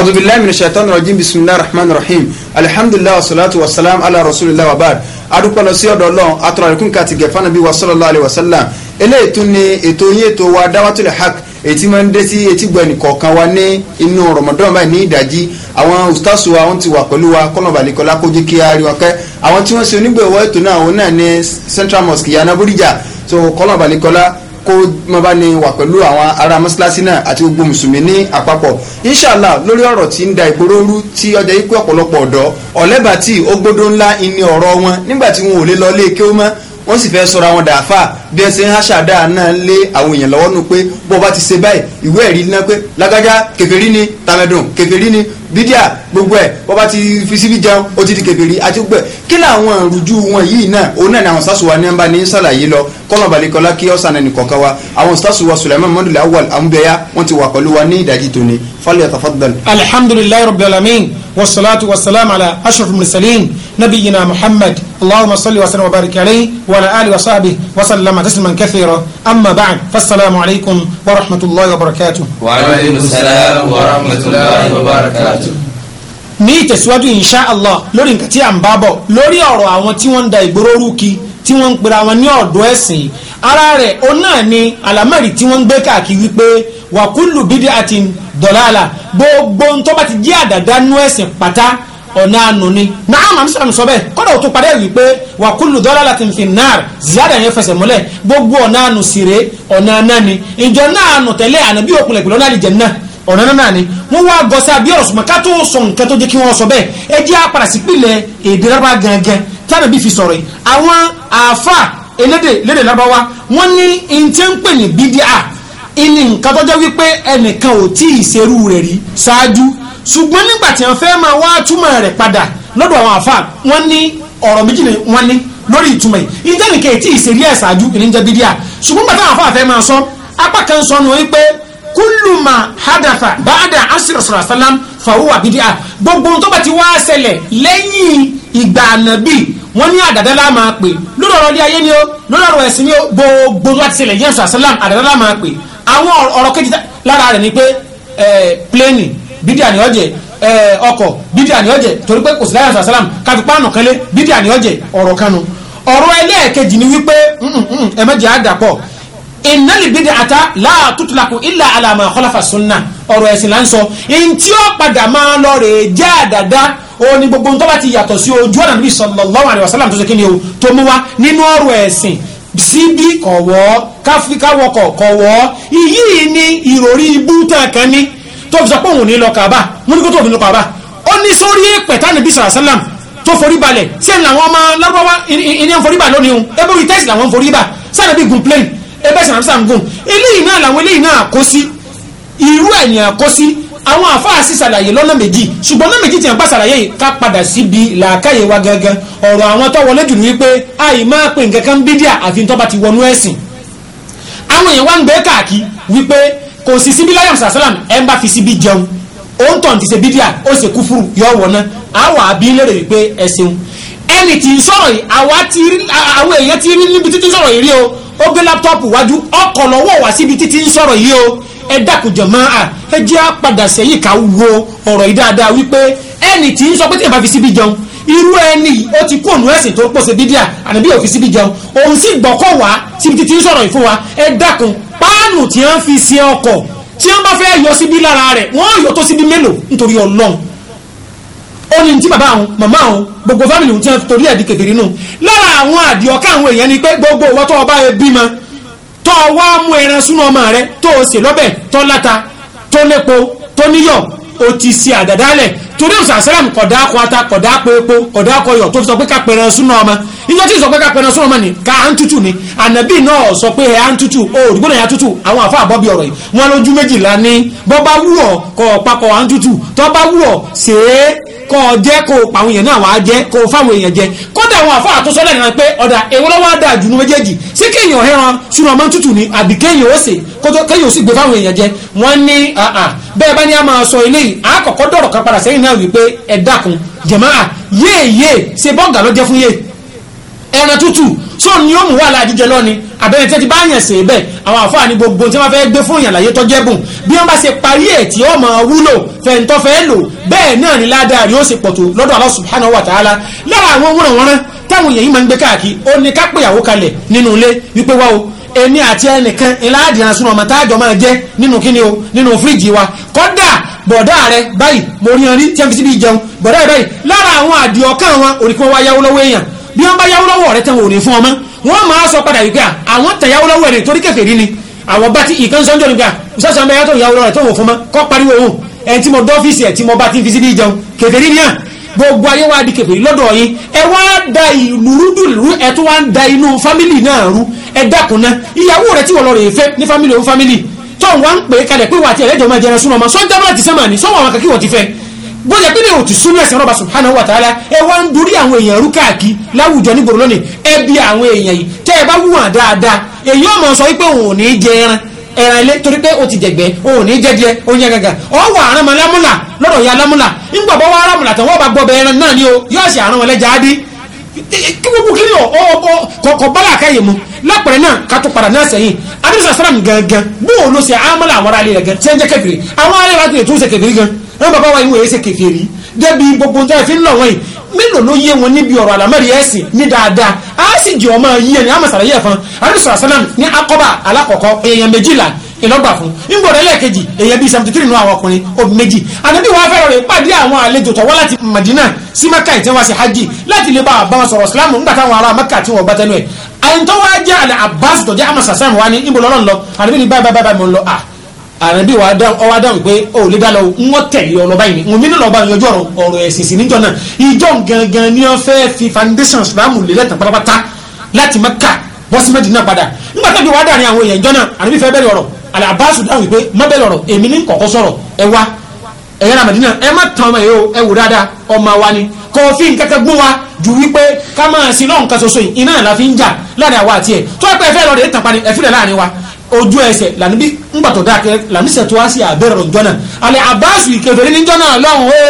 أعوذ بالله من الشيطان الرجيم بسم الله الرحمن الرحيم الحمد لله والصلاة والسلام على رسول الله وبعد adúpẹ́ lọ sí ọ̀dọ̀ ọlọ́run atọ́ra ìkún ká ti gẹ̀fà nàbí wa sallallahu alaihi wasallam eléyìí tún ni ètí máa ń dé sí etí gbẹ̀nì kọ̀ọ̀kan wa ní inú rọmọdọ́n báyìí ní ìdájí àwọn ustaṣu wa wọ́n ti wà pẹ̀lú wa kọ́nà kójú kí a rí àwọn tí wọ́n ṣe onígbèwọ́ ètò náà òun náà ní Central Mosque Yana so kọ́nà kó mọ bá ní wà pẹ̀lú àwọn ará mọ́ṣáláṣí náà àti gbogbo mùsùlùmí ní àpapọ̀ inshallah lórí ọ̀rọ̀ tí ń da ìgboro rú tí ọjà yìí pé ọ̀pọ̀lọpọ̀ ọ̀dọ́ ọ̀lẹ́bà tí ó gbódó ńlá ìní ọ̀rọ̀ wọn nígbà tí wọn ò lè lọ ilé kí ó mọ́ wọ́n sì fẹ́ sọra wọn dàáfà bí ẹsẹ̀ ń náà lé àwọn èèyàn lọ́wọ́ nù pé bó o bá ti ṣe báyìí ìwé ẹ̀rí náà pé lágbájá kèfèrí ni tàmẹ̀dùn kèfèrí ni bídíà gbogbo ẹ wọ́n bá ti fi síbi jẹun ó ti di kèbèrè àti gbẹ kí làwọn ìrújú wọn yìí náà òun náà ni àwọn sásùwà ní ẹnba ní sàlàyé lọ kọ́nà balẹ̀kọ́lá kí ọ̀sán ẹnì kọ̀ọ̀kan wa àwọn sásùwà Sulaiman mọ́dúlì awal amúbẹ́yà wọ́n ti wà pẹ̀lú wa ní ìdajì tòní falẹ̀ tafaddal. alhamdulilayi rabbil alamin والصلاة والسلام على أشرف المرسلين نبينا محمد اللهم صل وسلم وبارك عليه وعلى آله وصحبه وسلم تسليما كثيرا أما بعد فالسلام عليكم ورحمة الله وبركاته وعليكم السلام ورحمة الله وبركاته ní ìtẹ̀síwájú insha Allah lórí nǹkan tí à ń bá bọ̀ lórí ọ̀rọ̀ àwọn tí wọ́n ń da ìgboro rúkì tí wọ́n ń pera wọn ní ọ̀dọ́ ẹ̀sìn ara rẹ̀ ó náà ni àlámọ̀rí tí wọ́n ń gbé káàkiri wípé wà kúlù bídí àti dọ̀làlà gbogbo tó bá ti jẹ́ àdàdà nú ẹ̀sìn pátá ọ̀nà àánú ni náà màmí sàmì sọ bẹ́ẹ̀ kọ́dọ̀ tó parí ẹ̀rí pé wà kúlù dọ́làlà ti fi náà ziyada yẹn fẹsẹ̀ múlẹ̀ gbogbo ọ̀nà àánú sì rè ọ̀nà àná ni ìjọ náà àánú tẹ̀lé àná bí òkùnlẹ̀ pẹ̀lú ọ̀nà àlìjẹ̀ náà ọ̀nà náà ni wọ́n wá gọ́sẹ́ abíọ́rọ̀ sùnmọ́ ká tó ìní nǹkan tó jẹ́ wípé ẹnìkan ò tí ì ṣerú rẹ̀ rí ṣáájú ṣùgbọ́n nígbà tí wọ́n fẹ́ máa wá túmọ̀ rẹ̀ padà lọ́dọ̀ àwọn àfa wọ́n ní ọ̀rọ̀ méjì ni wọ́n ní lórí ìtumọ̀ yìí ìjẹ́ nìkan ètí ìṣèlú ẹ̀ ṣáájú ìníjẹ́ bídíà ṣùgbọ́n bàtà àwọn afáfẹ́ máa sọ apá kan sọ nù wípé kúlùmà hadafa báadà asirasara salam fàwùwà bídíà gbogbo tó bá ti wá ṣẹlẹ̀ lẹ́yìn ìgbà ànàbì wọ́n ní àdàdàlá máa pè lórí ọ̀rọ̀ ilé ayé ni ó lórí ọ̀rọ̀ ẹ̀sìn ni àwọn ọ̀rọ̀ kejì lára rẹ̀ ni pé pléènì bídíà ni ọ̀jẹ̀ ọkọ̀ bídíà ni ọ̀jẹ̀ torí pé kò sí láyà sàlám káfí páànù kẹlẹ́ bídíà ni ọ̀jẹ̀ ọ̀rọ̀ kanu ọ̀rọ̀ ẹlẹ́ẹ̀kejì ni wípé mm, mm, mm, ẹ̀mẹ́jẹ̀ àdàpọ̀ ìnáli bídíà ata láàtútùlákù ilà àlàmà ọ̀kọ́láfà sunna ọ̀rọ̀ ẹ̀sìn là ń sọ èyí ó padà máa lọ rè jẹ́ àdàdá òní gbogbo tó bá ti yàtọ̀ sí ojú ọ̀nà Nabi sallallahu alaihi wasallam tó ṣe kí ni o tó síbí kọ̀wọ́ káfíkáwọ́ kọ̀wọ́ iyì ni ìròrí ibú tán kan ní tó fi sọ pé òun ní lọ kàbá mú ní kó tó fi lọ kàbá ó ní sórí èpè tánì bí sàrásálàm tó forí balẹ̀ sí ẹni làwọn ọmọ lárúbáwá ìní ń forí bà lónìí òun ẹgbẹ́ orí tẹ́sì làwọn ń forí bà sáré bí gun plane ẹgbẹ́ sàrásálàm gun eléyìí náà làwọn eléyìí náà kó sí irú ẹ̀yìn àkó sí àwọn àfáàsì ṣàlàyé lọ́nà méjì ṣùgbọ́n lọ́nà méjì tí wọ́n bá ṣàlàyé yìí ká padà síbi làákàyè wa gangan ọ̀rọ̀ àwọn tó wọlé jù ní wípé àì máa pè nǹkan bídíà àfi tó bá ti wọnú ẹ̀sìn àwọn èèyàn wá ń gbé káàkiri wípé kò sí síbi láyàm sàṣàlám ẹ̀ ń bá fi síbi jẹun òun tàn ti ṣe bídíà ó ṣe kúfúrú yọ wọ̀nà àwọn àbí lérè wípé ẹ ṣeun ẹni tí ń sọ̀rọ̀ yìí àwọn èèyàn ti rí ẹ dákùjọ máa à ẹ jẹ́ á padà ká wo ọ̀rọ̀ yìí dáadáa wípé ẹnì tí ń sọ pé tí ẹ bá fi síbi jẹun irú ẹni ó ti kó ònú ẹ̀sìn tó pòṣe bídíà ànábì ò fi síbi jẹun òun sì gbọ́kọ̀ wá síbi títí ń sọ̀rọ̀ yìí fún wa ẹ dákun páànù tí wọ́n fi ṣe ọkọ̀ tí wọ́n bá fẹ́ yọ síbi lára rẹ̀ wọ́n yọ tó síbi mélòó nítorí ọlọ́run ó ní tí bàbá àwọn màmá àwọn gbogbo fámìlì òun ti torí ẹ̀dí kékeré nù lára àwọn àdìọ́ká àwọn èèyàn ni pé gbogbo ìwọ́tọ̀ ọba ẹbí mọ́ tó wá mú ẹran súnú ọmọ rẹ tó o sè lọ́bẹ̀ tó láta tó lépo tó níyọ̀ o ti ṣe àdàdálẹ̀ torí òsà sẹ́lẹ̀m kọ̀dá akọ ata kọ̀dá akọ epo kọ̀dá akọ yọ̀ tó fi sọ pé ká pẹ̀rẹ̀ ọmọ níjọ́ tí sọ pé ká pẹ̀rẹ̀ ọmọ ni ká à ń tutù ni ànàbí náà sọ pé ẹ̀ à ń tutù o òdìgbò náà yà tutù àwọn àfa àbọ̀bí ọ̀rọ̀ yìí wọn lójú méjìlá ní bọ́ bá wúwọ̀ kọ̀ kọ̀ à ń tutù tọ́ bá wúwọ̀ ṣe kọ́ ọ jẹ́ kó o pa àwọn èèyàn náà wàá jẹ́ kó o fáwọn èèyàn jẹ kódà àwọn àfọ àtúnṣe lẹ́nu náà pé ọ̀dà èwo lọ́wọ́ á dáa jù ní méjèèjì sí kéèyàn ẹran sunu ọmọ tútù ni àbí kéèyàn ó sè kótó kéèyàn ó sì gbé fáwọn èèyàn jẹ wọ́n ní bẹ́ẹ̀ bá ní a máa sọ eléyìí àkọ́kọ́ dọ̀rọ̀ kan padà sẹ́yìn náà wípé ẹ dákun jẹ̀máà yéèyé ṣe bọ́ǹgà ló jẹ́ fún yé ẹran tútù sóun ni ó mú wàhálà àjíjẹ lọ́ni àbẹ̀rẹ̀ tí ẹ ti bá yàn sí bẹ́ẹ̀ àwọn àfáà ní gbogbo tí wọ́n fẹ́ gbé fún yàn láyé tọ́jẹ́ bùn bí wọ́n bá ṣe parí ẹ̀ tí ó wúlò fẹ̀ǹtọ́ fẹ́ lò bẹ́ẹ̀ náà ni ládàá rí ó sì pọ̀ tó lọ́dọ̀ Allah subhanahu wa ta'ala lára àwọn wúran wọn táwọn èèyàn yìí máa ń gbé káàkiri ó ní ká pèyàwó kalẹ̀ nínú ilé wípé wá o èmi àti ẹnìkan ìlàádìí àsùnà ọmọ táàjọ máa jẹ nínú kíni o nínú fíríjì wa kódà bọ̀dá rẹ báyìí mo rí ọrí tí a wọn òrìkún yáwó lọ́wọ́ èèyàn bí wọ́n bá yáwó lọ́wọ́ rẹ tẹ́wọ̀n ò ní fún ọmọ wọ́n máa sọ padà yìí pé àwọn tẹ̀yàwó lọ́wọ́ ẹ̀rìn torí kèfèrí ni àwọn bá ti ìkan sọ́njọ́ nígbà ìṣàṣà mẹ́yà tó ìyàwó rẹ̀ tó wò fún mọ́ kọ́ pariwo òun ẹ̀ tí mo dọ́fíìsì ẹ̀ tí mo bá ti fi sí ní ìjẹun kèfèrí ni à gbogbo ayé wa di kèfèrí lọ́dọ̀ yín ẹ wá da ìlú rúdùrú ẹ tó wá ń da inú fámìlì náà rú ẹ dákun ìyàwó rẹ tí wọ́n lọ fẹ́ ní fámìlì òun fámìlì tó wọ́n ń pè é kalẹ̀ pé wà á ti ẹ̀rẹ́jọ́ máa jẹrán bó jẹ́ pé mi ò ti súnmọ́ ẹ̀sìn ọlọ́ba subhanahu wa ta'ala ẹ wá ń dorí àwọn èèyàn rú káàkiri láwùjọ nígboro lónìí ẹ bí àwọn èèyàn yìí tẹ́ ẹ bá wùwà dáadáa èyí ò mọ̀ sọ wípé òun ò ní jẹ ẹran ẹran ilé torí pé o ti jẹgbẹ́ òun ò ní jẹ díẹ̀ oúnjẹ gàgà ọ wà àrán mọ lámúlà lọ́dọ̀ ya lámúlà ńgbà bọ́ wá rámùlà tán wọ́n bá gbọ́ bẹ ẹran náà ni o yóò sì àrán wọn lẹ́jà á kí gbogbo kí ni ọ kọ̀ọ̀kọ̀ bọ́lá àkáyè mu lápẹ̀rẹ̀ náà ká tó padà náà sẹ́yìn adúlọ́sà sàràm gangan bó o lọ sí àmàlà àwọn ará ilé gan tí ń jẹ́ kẹfìrí àwọn ará ilé rẹ̀ tó kẹfìrí gan wọn bàbá wa ìwé ẹsẹ kèfèrí débi gbogbo tó fi ń lọ wọ̀nyí mélòó ló yé wọn níbi ọ̀rọ̀ àlámọ̀rí ẹ̀sìn ní dáadáa á sì jẹ́ ọmọ yí ẹni àmọ̀sára yẹ fún arísọ̀rọ̀ sálám ní akọ́bà alákọ̀ọ́kọ́ èèyàn méjìlá ìlọ́gbà fún ńgbọ̀dọ̀ lẹ́ẹ̀kejì èèyàn bíi seventy three nù àwọn ọkùnrin obì méjì ànábì wọn fẹ́ràn rẹ̀ pàdé àwọn àlejò tọ̀wọ́ láti Madina sí Maka ìtẹ́ wọn sí hajj láti lè bá àbá wọn sọ̀rọ̀ Islam ńgbà táwọn ará Maka tí wọn gbàtẹ́nu ẹ̀ àyìntọ́wọ́ ajé àlẹ́ Abbas dọ̀jẹ́ àmọ̀sàsáàmù wa ní ìbò lọ ànábì ní báyìí báyìí báyìí mo lọ à ah, àrẹ́bí wa dá ọwọ́ dáhùn pé ó lè dá lọ wọ́n tẹ̀lé ọ lọ́ba yìí ni òun mi náà lọ́ba yanjú ọ̀rọ̀ ọ̀rọ̀ ẹ̀sìn sí níjọ náà ìjọ gangan ni wọ́n fẹ́ fi foundation sùlámù lélẹ̀ tán pátápátá láti Mẹ́kà bọ́sí Mẹ́dínà padà nígbà tó fi wá dáhùn àwọn èèyàn jọ náà àrẹ́bí fẹ́ bẹ̀rẹ̀ ọ̀rọ̀ alábàásù dáhùn pé má bẹ̀rẹ̀ ọ̀rọ̀ èmi ní kọ̀kọ́ sọ̀rọ̀ ẹ wá ẹ̀yẹ́ ra Mẹ́dínà ẹ má tàn ọmọ yìí o ẹ wò dáadáa ọmọ wa ni kọfíìn kẹkẹ gbó wa ju wípé ká máa sin lọ́nkà soso yìí iná ìlà fi ń jà láàrin àwa àti ẹ̀ tó ẹ pẹ́ fẹ́ lọ rè é tàpá ni ẹ fi rẹ̀ láàrin wa ojú ẹsẹ̀ lànàbí ńgbàtọ̀ dákẹ́ lànàṣẹ̀ tó wá sí àbẹ̀rẹ̀ ọjọ́ náà alẹ́ àbáṣù ìkẹfẹ̀rẹ́ níjọ́ náà lọ́hùn ó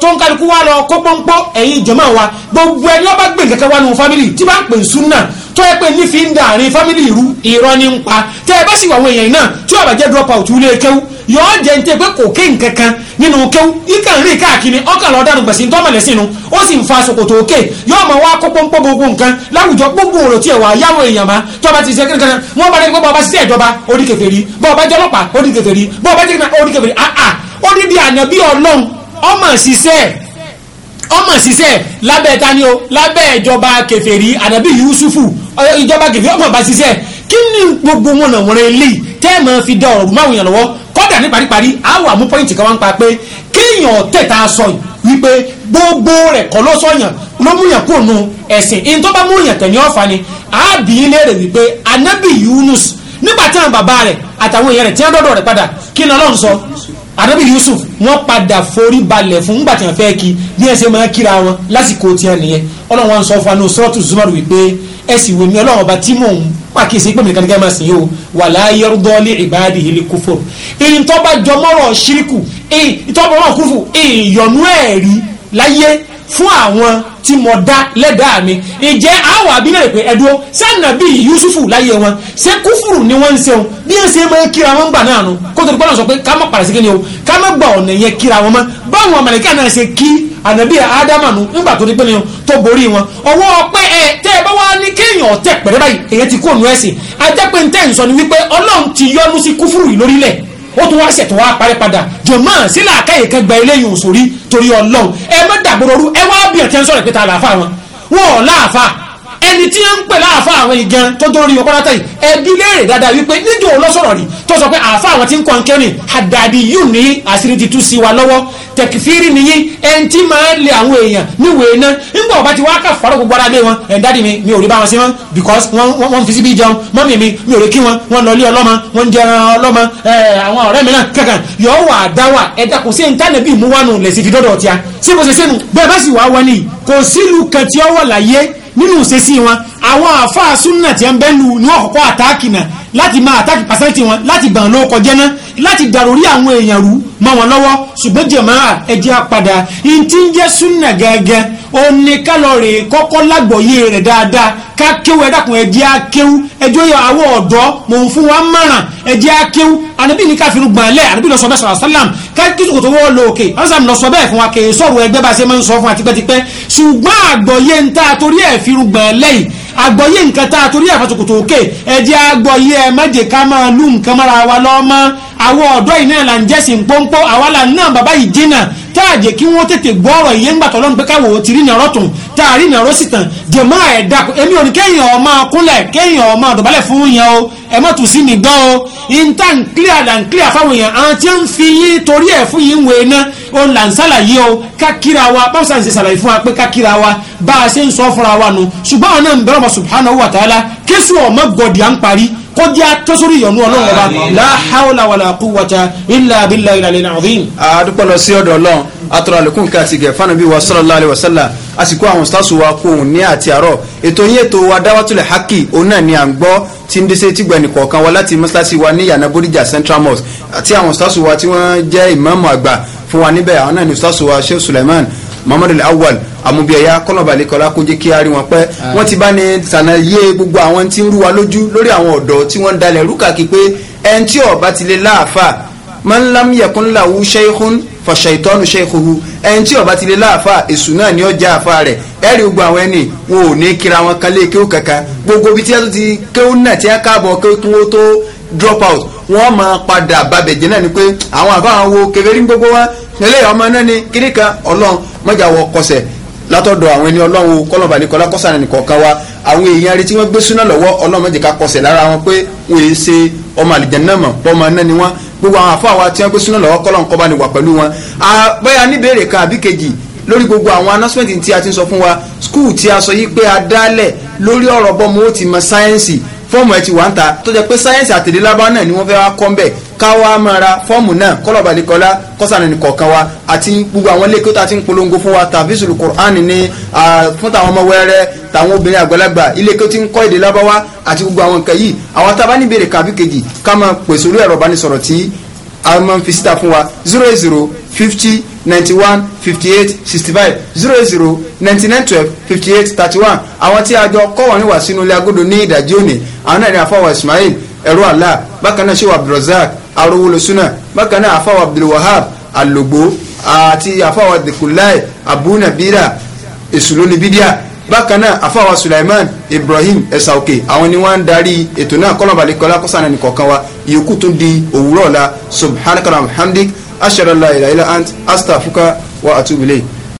tó ń kálukú wá lọ kó pọ́npọ́ ẹ̀yìn jọmọ́ wa gbogbo ẹni ọba gbé kẹkẹ wá nù fámìlì tí bá ń pè súnà tó yẹ pé nífi ń dàrin fámìlì irú irọ́ ní ń pa tẹ́ ẹ bá sì wà àwọn èèyàn náà tí ó bá drop out ilé kéwú yọọ jẹ ntẹ pé kò ké nkankan nínú kéwú ikàn rí káàkiri ọkàn lọ dànù gbèsè ntọ́mọlẹ̀ sínú ó sì ń fa ṣòkòtò òkè yọọ mọ wá kó pọ́npọ́n gbogbo nǹkan láwùjọ gbogbo òrò tí ẹ wà yáwó èèyàn má tọ́ba ti ṣe kankan wọn bá dé pé bọ́ọ̀ba ṣiṣẹ́ ìjọba orí kèfèrí bọ́ọ̀ba jọlọ́pàá orí kèfèrí bọ́ọ̀ba jẹ́ orí kèfèrí àà odidi ànábì ọlọ́run ọmọ ṣiṣẹ́ ọmọ ṣiṣẹ́ lábẹ́ tani o lábẹ́ ìjọba kèfèrí ànábì Yusufu ìjọba kèfèrí ọmọ bá ṣiṣẹ́ kí ni gbogbo wọn náà wọlé eléyìí tẹ́ ẹ̀ máa fi dá ọ̀rùn máwùyàn lọ́wọ́ kọ́dà ní paríparí a wà mú pọ́ìntì kan wá ń pa pé kéèyàn tẹ̀ta sọ wípé gbogbo rẹ̀ kọ́ ló sọ̀yàn ló mú yàn kúrò nù ẹ̀sìn ìyẹn tó bá mú yàn tẹ̀yìn ọ̀fà ni a bì í léèrè wípé anabi Yunus nígbà tí àwọn bàbá rẹ̀ àtàwọn èèyàn rẹ̀ tí wọ́n dọ́dọ̀ rẹ̀ padà kí ni Ọlọ́run sọ anabi yusuf wọn padà forí balẹ̀ fún nígbà tí wọn fẹ́ kí bí ẹ ṣe máa kíra wọn lásìkò tí wọn nìyẹn ọlọ́run wọn sọ fún anú sọ́ọ̀tù zumar wípé ẹ sì wò mí ọlọ́run ọba tí mò ń pàkíyèsí pé mi nìkan nìkan máa sìn yìí o wala yardali ibadihi likufur èyí tó bá jọ mọ́rọ̀ ṣíríkù èyí tó bá mọ́rọ̀ kúfù èyí yọ̀nú ẹ̀rí láyé fún àwọn tí mo dá lẹ́dàá mi ìjẹ́ àwọn àbílẹ̀ pé ẹ̀dúró sànàbí yusufu láyé wọn ṣé kúfùrù ni wọ́n ń ṣeun bí ẹ̀ ṣe máa kíra wọn gbà náà nu kó tó ní pọ́nà sọ pé ká má pàrọ̀ sí kí ni o ká má gba ọ̀nà yẹn kíra wọn mọ́ báwọn àmàlẹ́kẹ́ náà ṣe kí ànàbí ádámà nu nígbà tó ní pé ni o tó borí wọn ọwọ́ ọpẹ́ ẹ tẹ́ ẹ bá wá ní kéèyàn ọ̀tẹ̀ pẹ̀rẹ́ báyìí èyẹ ti kó ònú ẹ̀sìn ajẹ́pẹ́ ń tẹ̀ ń sọ ni wípé ọlọ́run ti yọ́nú sí kúfùrù yìí lórílẹ̀ ó tún wá ṣẹ̀ tó wá parí padà jọ̀mọ́ sílẹ̀ àkáyè kan gba eléyìí òṣòrí torí ọlọ́run ẹ má dàgbòrò ẹ wá bí ẹ̀ tẹ́ ń sọ̀rọ̀ pé ta làáfà wọn wọn ò láàfà ẹni tí ń pè láàfà àwọn ìgan tó tó rí wọn pátá yìí ẹbí léèrè dáadáa wípé níjọ ò lọ́sọ̀rọ̀ rí tó sọ pé àfà àwọn tí ń kọ́ nkẹ́rin àdàbí yìí ní àṣírí ti tú sí wa lọ́wọ́ tẹkifírí nìyí ẹni tí máa ń lé àwọn èèyàn níwèé ná nígbà ọba ti wá ká fọ́rọ́ gbogbo ara lé wọn ẹ̀ńdádì mi mi ò rí bá wọn sí wọn because wọ́n wọ́n fi síbi jẹun mọ́mì mi mi ò rí kí wọn wọ́n lọ lé ọlọ́mọ wọ́n jẹ ọlọ́mọ àwọn ọ̀rẹ́ mi náà kankan yọ̀ọ́ wà á dá wà ẹ̀dá kò sí ẹ̀ńtánẹ́bì mú wánu lẹ̀ sí fi dọ́dọ̀ ọ̀tíya sí kò sì sẹ́nu bẹ́ẹ̀ bá sì wá wá ní kò sílùú kan tí ó nínú ìṣesí wọn àwọn àfáà súnà tí a ń bẹ́lú ní ọ̀kọ̀kọ́ àtáàkì náà láti máa àtáàkì pàṣẹ́tì wọn láti bàn ló kọjẹ́ náà láti dàrórí àwọn èèyàn rú mọ́ wọn lọ́wọ́ ṣùgbọ́n jàmáà ẹjẹ́ apàdà in ti ń jẹ́ súnà gẹ́gẹ́ oníkálọ̀rì kọ́kọ́ lágbọ̀ọ́yé rẹ̀ dáadáa ká kéwú ẹ̀dàkùn ẹjẹ́ akéwú ẹjọ́ yọ àwọn ọ̀dọ́ mò ń fún wa mọ̀ràn ẹjẹ́ akéwú ànábì ní káfíìnù gbọ̀nlẹ̀ ànábì lọ bẹ́ẹ̀ sọ̀rọ̀ sálàm ká kí sòkòtò wọ́ọ́ lọ òkè ọ̀sán lọ sọ bẹ́ẹ̀ fún wa kèé sọ̀rọ̀ ẹgbẹ́ bá ṣe máa ń sọ fún wa tipẹ́tipẹ́ ṣùgbọ́n àgbọ̀yé ń ta torí ẹ̀ fi rúgbọ̀n àgbọ̀yé nǹkan tá a torí àfàtòkòtò òkè ẹ̀jẹ̀ àgbọ̀yé ẹ̀ mẹ́jẹ̀ ká máa lú nǹkan mọ́ra wa lọ́mọ́ àwọn ọ̀dọ́ ìnáà là ń jẹ́sìn pọ́npọ́ àwa là ń náà bàbá yìí dínà táàjẹ́ kí wọ́n tètè gbọ́ ọ̀rọ̀ ìyẹn ń gbàtọ̀ lọ́nà pé káwọ̀ ti rí nàró tún tá a rí nàró sì tàn jẹ̀mọ́ ẹ̀dá èmi ò ní kéèyàn ọmọ kúnlẹ̀ kéèyàn ọmọ dọ̀bálẹ̀ fún yẹn o ẹ mọ́ tù sí mi gbọ́ o ìta ń clear là ń clear fáwọn èèyàn àwọn tí ń fi yín torí ẹ̀ fún yín wèé ná òun là ń ṣàlàyé o kákíra wa báwo sàn ṣe ṣàlàyé fún wa pé kákíra wa bá a ṣe ń sọ fúnra wa nu ṣùgbọ́n àwọn náà ń bẹ̀rẹ̀ kó jẹ́ atọ́sórí ìyọ̀nú ọlọ́run ọba la hawla wala quwwata illa billahi ila ali al-azim. àdúpọ̀ lọ sí ọ̀dọ̀ ọlọ́run atọ́rọ̀ àlékún ká ti gẹ̀ fáànù bí wa sallallahu alaihi wasallam àsìkò àwọn stars wa kó òun ní àti àárọ̀ ètò yín ètò wa dáwàtúlẹ̀ hákì òun náà ni à ń gbọ́ tí ń dẹ́sẹ̀ tìgbà nìkọ̀ọ̀kan wa láti mọ́ṣáláṣí wa ní yànnà bódìjà central mosque àti àwọn stars wa tí wọ́n jẹ́ ìmáàmù àgbà fún wa níbẹ̀ àwọn náà ni stars wa sheikh suleiman muhammadu awal amúbíọ̀yá kọ́nàbàlẹ̀ kọ́lá kó jẹ́ kí a rí wọn pẹ́ wọ́n ti bá ní sànàyé gbogbo àwọn tí ń rú wa lójú lórí àwọn ọ̀dọ́ tí wọ́n ń dalẹ̀ rúkà kí pé ẹni tí ọ̀bá ti lè láàfà man lam yakun lahu shaykhun fa shaytanu tí ọba ti lè láàfà èṣù náà ni ó já àfà rẹ̀ ẹ̀rí gbogbo àwọn ẹni wọn ò ní kíra wọn kan lé kéwù kankan gbogbo ibi tí a ti kí wọ́n tó drop out wọ́n máa padà babẹ̀jẹ̀ náà ni pé àwọn àfáwọn wo kèfèrí gbogbo wa eléyìí ọmọ náà ni kiri kan ọlọ́run mọ́jà wọ kọsẹ̀ látọ̀dọ̀ àwọn ẹni ọlọ́run kọ́lọ́ba ní kọ́lá kọ́sà ní kọ̀ọ̀kan wa àwọn èèyàn rí tí wọ́n gbé súná lọ́wọ́ ọlọ́run mọ́jà ká kọsẹ̀ lára wọn pé wọ́n èé ṣe ọmọ àlìjẹ̀nà mọ̀ pọ́mọ náà ni wọ́n gbogbo àwọn àfọ àwa tí wọ́n gbé súná lọ́wọ́ kọ́lọ́run kọ́ba ní wà pẹ̀lú wọn. bóyá níbèrè kan àbí kejì lórí gbogbo àwọn announcement tí a ti sọ fún wa school tí a sọ yìí pé a dálẹ̀ lórí ọ̀rọ̀ bọ́mọ ó ti mọ sáyẹ́ǹsì fọ́ọ̀mù ẹ̀ ti wà ń ta tó jẹ́ pé sáyẹ́nsì àtẹ̀lé náà ni wọ́n fẹ́ wá kọ́ ń bẹ̀ ká wá máa ra fọ́ọ̀mù náà kọ́lọ̀bàlẹ́kọ́lá kọ́sànà ní kọ̀ọ̀kan wa àti gbogbo àwọn ilé kí ó ń polongo fún wa tàfíìsùlù kùránì ní fún tàwọn ọmọ wẹ́rẹ́ tàwọn obìnrin àgbàlagbà ilé kí ó ti ń kọ́ èdè lábáwá àti gbogbo àwọn nǹkan yìí àwọn tábà ní ìbéèrè kàbí kejì ká máa pèsè olú ẹ̀rọ ìbánisọ̀rọ̀ tí a máa ń fi síta fún wa zero eight zero fifty ninety one fifty eight sixty five zero zero ninety nine twelve fifty eight thirty one àwọn tí a jọ kọ́ wọn níwà sínú ilé agodo ní ìdajì òní àwọn náà ní afọwọ́ ismail ẹ̀rọ àlá bákan náà ṣéwà abdulrasaq arówólosúnà bákan náà afọwọ́ abdulwahab alogbo àti afọwọ́ dekulai abunabira èsùlónibídíà bákan náà afáwa Sulaiman Ibrahim ẹ̀sàòkè àwọn ni wọ́n ń darí ètò náà kọ́nà balẹ̀ kọ́lá kọ́sánà nìkọ̀ọ̀kan wa ìyókù tún di òwúrọ̀ ọ̀la subhanaka wa hamdik ashhadu an la ilaha illa ant astaghfiruka wa atubu